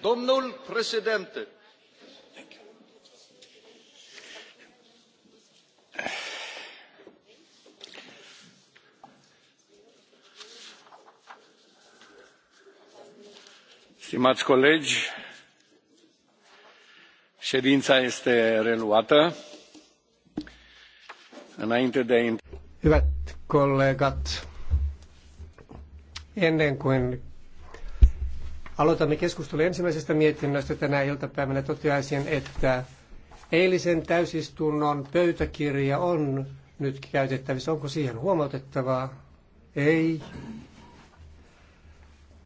Domnul președinte. Stimați colegi, ședința este reluată. Înainte de a Hyvät kollegat, ennen kuin Aloitamme keskustelun ensimmäisestä mietinnöstä tänä iltapäivänä. Toteaisin, että eilisen täysistunnon pöytäkirja on nyt käytettävissä. Onko siihen huomautettavaa? Ei.